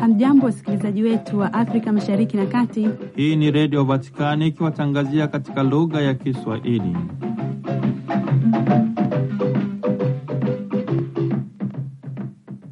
Hamjambo, wasikilizaji wetu wa Afrika mashariki na kati. Hii ni Redio Vatikani ikiwatangazia katika lugha ya Kiswahili.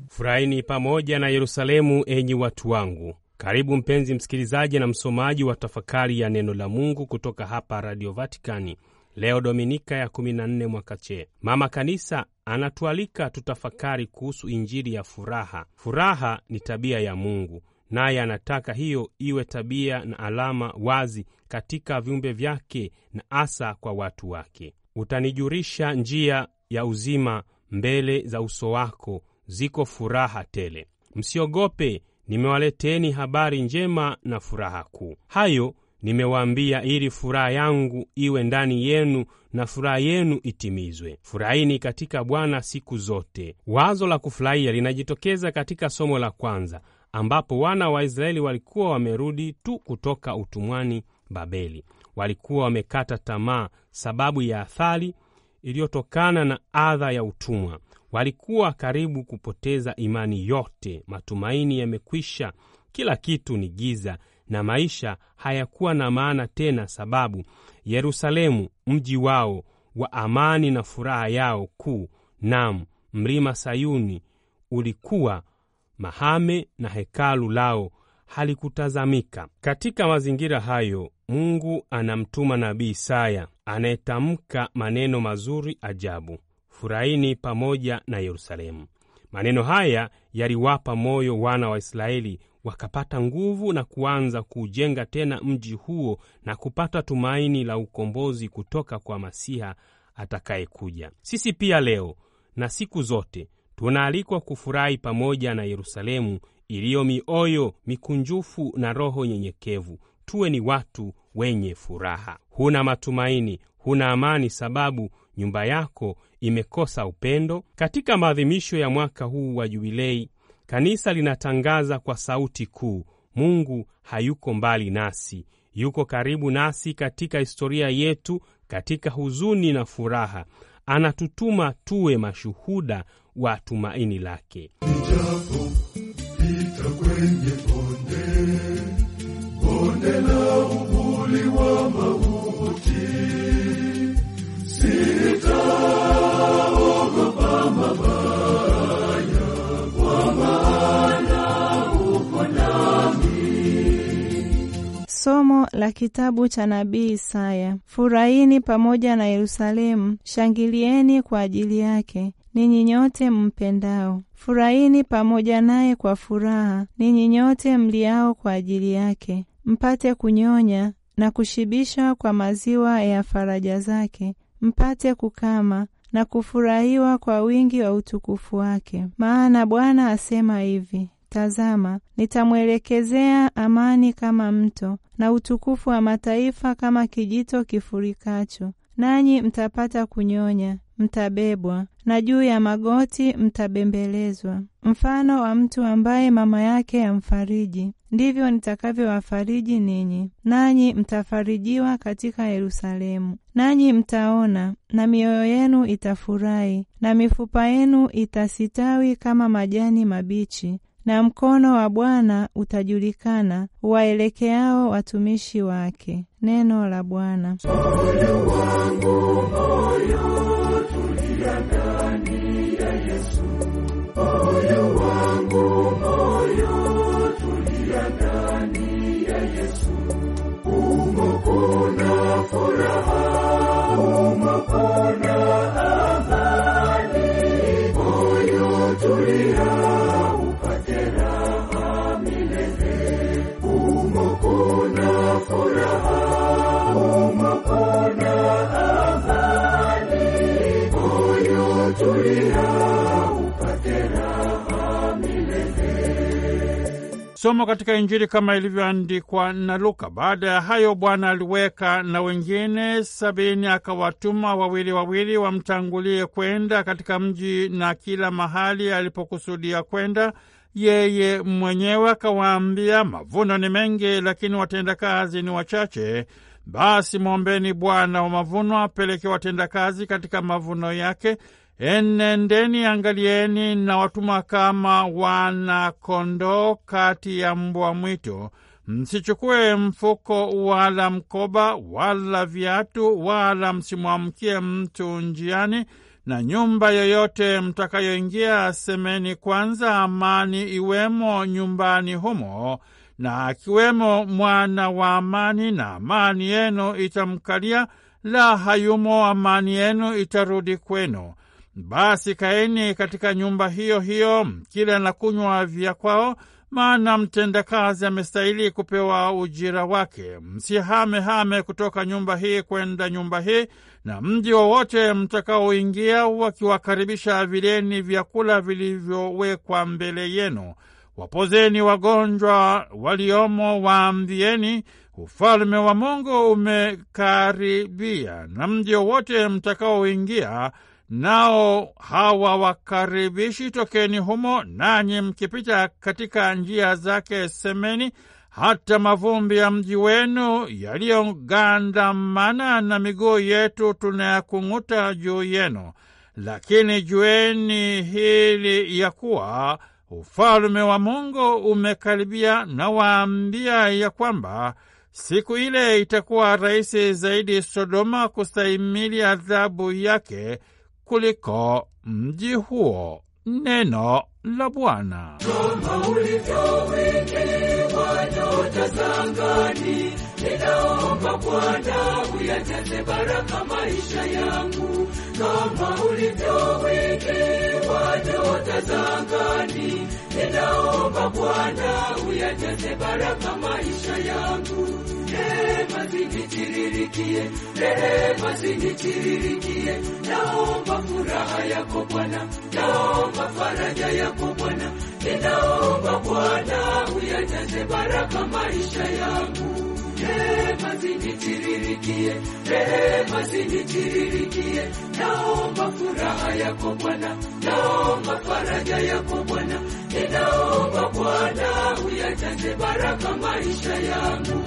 Furahini pamoja na Yerusalemu, enyi watu wangu. Karibu mpenzi msikilizaji na msomaji wa tafakari ya neno la Mungu kutoka hapa Radio Vatikani. Leo Dominika ya 14 mwaka C, Mama Kanisa anatualika tutafakari kuhusu injili ya furaha. Furaha ni tabia ya Mungu, naye anataka hiyo iwe tabia na alama wazi katika viumbe vyake na hasa kwa watu wake. Utanijulisha njia ya uzima, mbele za uso wako ziko furaha tele. Msiogope, nimewaleteni habari njema na furaha kuu. Hayo Nimewaambia ili furaha yangu iwe ndani yenu na furaha yenu itimizwe. Furahini katika Bwana siku zote. Wazo la kufurahia linajitokeza katika somo la kwanza, ambapo wana wa Israeli walikuwa wamerudi tu kutoka utumwani Babeli. Walikuwa wamekata tamaa sababu ya athari iliyotokana na adha ya utumwa. Walikuwa karibu kupoteza imani yote, matumaini yamekwisha, kila kitu ni giza na maisha hayakuwa na maana tena, sababu Yerusalemu, mji wao wa amani na furaha yao kuu, nam mlima Sayuni ulikuwa mahame na hekalu lao halikutazamika. Katika mazingira hayo, Mungu anamtuma nabii Isaya anayetamka maneno mazuri ajabu, furahini pamoja na Yerusalemu. Maneno haya yaliwapa moyo wana wa Israeli wakapata nguvu na kuanza kuujenga tena mji huo na kupata tumaini la ukombozi kutoka kwa Masiha atakayekuja. Sisi pia leo na siku zote tunaalikwa kufurahi pamoja na Yerusalemu iliyo mioyo mikunjufu na roho nyenyekevu. Tuwe ni watu wenye furaha. Huna matumaini, huna amani, sababu nyumba yako imekosa upendo. Katika maadhimisho ya mwaka huu wa Jubilei, Kanisa linatangaza kwa sauti kuu, Mungu hayuko mbali nasi, yuko karibu nasi katika historia yetu, katika huzuni na furaha. Anatutuma tuwe mashuhuda wa tumaini lake. Nijapo pita kwenye bonde, bonde la kitabu cha nabii Isaya: furahini pamoja na Yerusalemu, shangilieni kwa ajili yake, ninyi nyote mpendao furahini pamoja naye kwa furaha, ninyi nyote mliao kwa ajili yake, mpate kunyonya na kushibisha kwa maziwa ya faraja zake, mpate kukama na kufurahiwa kwa wingi wa utukufu wake. Maana Bwana asema hivi: Tazama, nitamwelekezea amani kama mto, na utukufu wa mataifa kama kijito kifurikacho. Nanyi mtapata kunyonya, mtabebwa na juu ya magoti mtabembelezwa, mfano wa mtu ambaye mama yake yamfariji. Ndivyo nitakavyowafariji ninyi, nanyi mtafarijiwa katika Yerusalemu. Nanyi mtaona na mioyo yenu itafurahi, na mifupa yenu itasitawi kama majani mabichi, na mkono wa Bwana utajulikana waelekeao watumishi wake. Neno la Bwana. Somo katika Injili kama ilivyoandikwa na Luka. Baada ya hayo, Bwana aliweka na wengine sabini akawatuma wawili wawili wamtangulie kwenda katika mji na kila mahali alipokusudia kwenda yeye mwenyewe akawaambia, mavuno ni mengi, lakini watendakazi ni wachache. Basi mwombeni Bwana wa mavuno apeleke watendakazi katika mavuno yake. Enendeni, angalieni, na watuma kama wanakondoo kati ya mbwa mwitu. Msichukue mfuko wala mkoba wala viatu, wala msimwamkie mtu njiani na nyumba yoyote mtakayoingia, semeni kwanza amani iwemo nyumbani humo, na akiwemo mwana wa amani, na amani yenu itamkalia, la hayumo, amani yenu itarudi kwenu. Basi kaeni katika nyumba hiyo hiyo, mkila na kunywa vya kwao maana mtendakazi amestahili kupewa ujira wake. Msihamehame kutoka nyumba hii kwenda nyumba hii, na mji wowote mtakaoingia, wakiwakaribisha vileni vyakula vilivyowekwa mbele yenu. Wapozeni wagonjwa waliomo, waambieni ufalme wa Mungu umekaribia. Na mji wowote mtakaoingia nao hawawakaribishi. Tokeni humo, nanyi mkipita katika njia zake semeni, hata mavumbi ya mji wenu yaliyogandamana na miguu yetu tunayakung'uta juu yenu. Lakini jueni hili ya kuwa ufalume wa Mungu umekaribia, na waambia ya kwamba siku ile itakuwa rahisi zaidi Sodoma kustahimili adhabu yake kuliko mji huo. Neno la Bwana. Kama wa nyota angani Bwana uyajaze baraka maisha yangu, kama ulivyo wingi za watazangani. Ninaomba Bwana uyajaze baraka maisha yangu, rehema zinitiririkie, rehema zinitiririkie. Naomba furaha yako Bwana, naomba faraja yako Bwana, ninaomba Bwana uyajaze baraka maisha yangu rehema zinitiririkie, rehema zinitiririkie. Naomba furaha yako Bwana, naomba faraja yako Bwana, ninaomba Bwana uyajaze baraka maisha yangu.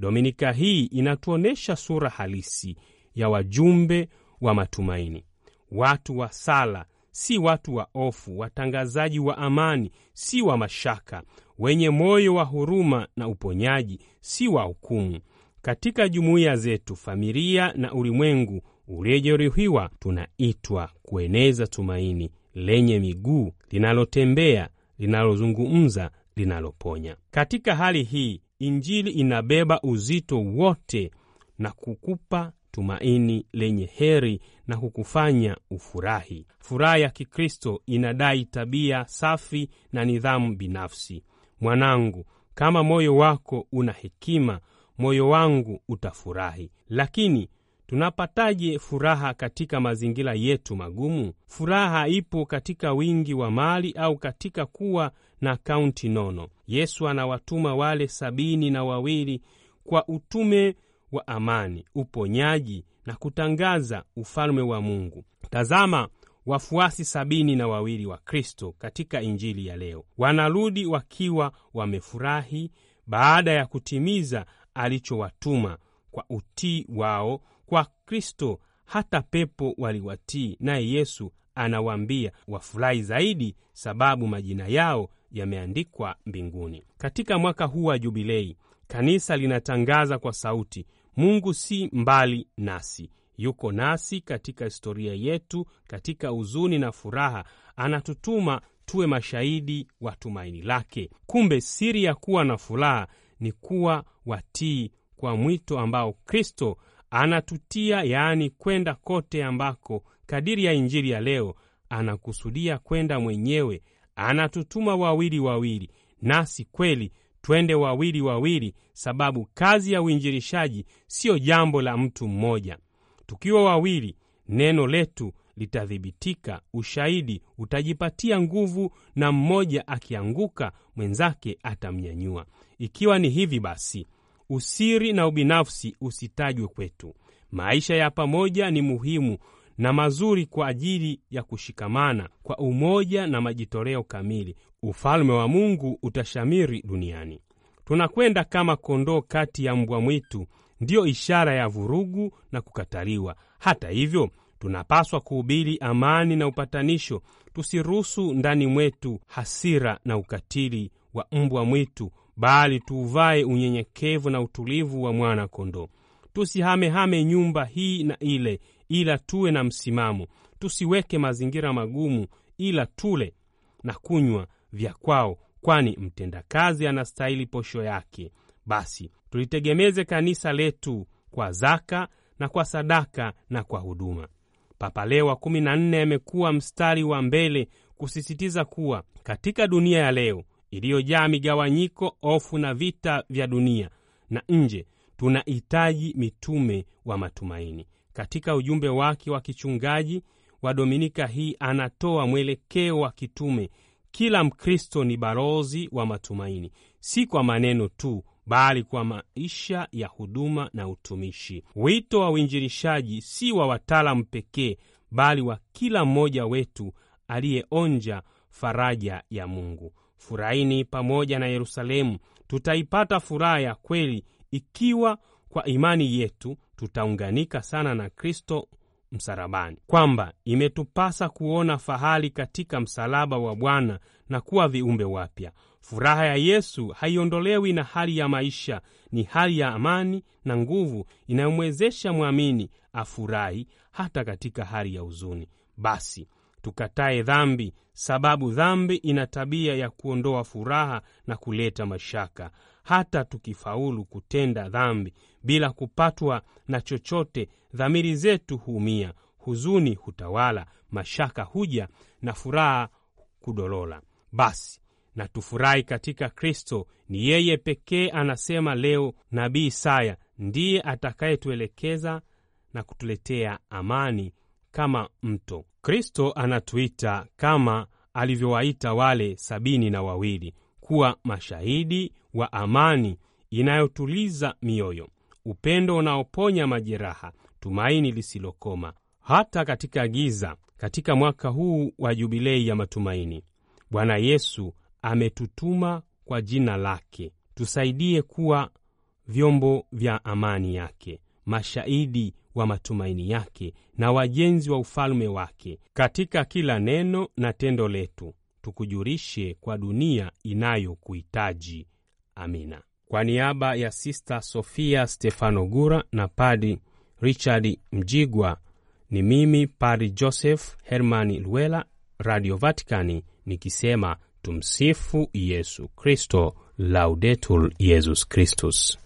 Dominika hii inatuonyesha sura halisi ya wajumbe wa matumaini, watu wa sala si watu wa ofu watangazaji wa amani, si wa mashaka, wenye moyo wa huruma na uponyaji, si wa hukumu. Katika jumuiya zetu, familia na ulimwengu uliojeruhiwa, tunaitwa kueneza tumaini lenye miguu, linalotembea, linalozungumza, linaloponya. Katika hali hii, Injili inabeba uzito wote na kukupa tumaini lenye heri na kukufanya ufurahi. Furaha ya Kikristo inadai tabia safi na nidhamu binafsi. Mwanangu, kama moyo wako una hekima, moyo wangu utafurahi. Lakini tunapataje furaha katika mazingira yetu magumu? Furaha ipo katika wingi wa mali au katika kuwa na kaunti nono? Yesu anawatuma wale sabini na wawili kwa utume wa amani, uponyaji na kutangaza ufalme wa Mungu. Tazama, wafuasi sabini na wawili wa Kristo katika Injili ya leo wanarudi wakiwa wamefurahi baada ya kutimiza alichowatuma kwa utii wao kwa Kristo. Hata pepo waliwatii, naye Yesu anawaambia wafurahi zaidi, sababu majina yao yameandikwa mbinguni. Katika mwaka huu wa Jubilei, kanisa linatangaza kwa sauti Mungu si mbali nasi, yuko nasi katika historia yetu, katika huzuni na furaha. Anatutuma tuwe mashahidi wa tumaini lake. Kumbe siri ya kuwa na furaha ni kuwa watii kwa mwito ambao Kristo anatutia, yaani kwenda kote ambako kadiri ya Injili ya leo anakusudia kwenda mwenyewe. Anatutuma wawili wawili, nasi kweli twende wawili wawili, sababu kazi ya uinjilishaji siyo jambo la mtu mmoja. Tukiwa wawili, neno letu litathibitika, ushahidi utajipatia nguvu, na mmoja akianguka mwenzake atamnyanyua. Ikiwa ni hivi basi, usiri na ubinafsi usitajwe kwetu. Maisha ya pamoja ni muhimu na mazuri kwa ajili ya kushikamana kwa umoja na majitoleo kamili. Ufalme wa Mungu utashamiri duniani. Tunakwenda kama kondoo kati ya mbwa mwitu, ndiyo ishara ya vurugu na kukataliwa. Hata hivyo, tunapaswa kuhubiri amani na upatanisho. Tusiruhusu ndani mwetu hasira na ukatili wa mbwa mwitu, bali tuuvae unyenyekevu na utulivu wa mwana kondoo. Tusihamehame nyumba hii na ile, ila tuwe na msimamo. Tusiweke mazingira magumu, ila tule na kunywa vya kwao, kwani mtendakazi anastahili posho yake. Basi tulitegemeze kanisa letu kwa zaka na kwa sadaka na kwa huduma. Papa Leo wa kumi na nne amekuwa mstari wa mbele kusisitiza kuwa katika dunia ya leo iliyojaa migawanyiko, hofu na vita vya dunia na nje, tunahitaji mitume wa matumaini. Katika ujumbe wake wa kichungaji wa Dominika hii anatoa mwelekeo wa kitume. Kila Mkristo ni balozi wa matumaini, si kwa maneno tu, bali kwa maisha ya huduma na utumishi. Wito wa uinjilishaji si wa wataalamu pekee, bali wa kila mmoja wetu aliyeonja faraja ya Mungu. Furahini pamoja na Yerusalemu, tutaipata furaha ya kweli ikiwa kwa imani yetu tutaunganika sana na Kristo msalabani, kwamba imetupasa kuona fahari katika msalaba wa Bwana na kuwa viumbe wapya. Furaha ya Yesu haiondolewi na hali ya maisha, ni hali ya amani na nguvu inayomwezesha mwamini afurahi hata katika hali ya huzuni. Basi tukatae dhambi, sababu dhambi ina tabia ya kuondoa furaha na kuleta mashaka hata tukifaulu kutenda dhambi bila kupatwa na chochote, dhamiri zetu huumia, huzuni hutawala, mashaka huja na furaha kudolola. Basi na tufurahi katika Kristo. Ni yeye pekee anasema leo nabii Isaya, ndiye atakayetuelekeza na kutuletea amani kama mto. Kristo anatuita kama alivyowaita wale sabini na wawili kuwa mashahidi wa amani inayotuliza mioyo, upendo unaoponya majeraha, tumaini lisilokoma hata katika giza. Katika mwaka huu wa jubilei ya matumaini, Bwana Yesu ametutuma kwa jina lake, tusaidie kuwa vyombo vya amani yake, mashahidi wa matumaini yake na wajenzi wa ufalme wake. Katika kila neno na tendo letu, tukujulishe kwa dunia inayokuhitaji. Amina. Kwa niaba ya Sista Sofia Stefano Gura na Padi Richard Mjigwa, ni mimi Padi Joseph Hermani Luela, Radio Vaticani, nikisema tumsifu Yesu Kristo, Laudetur Yesus Kristus.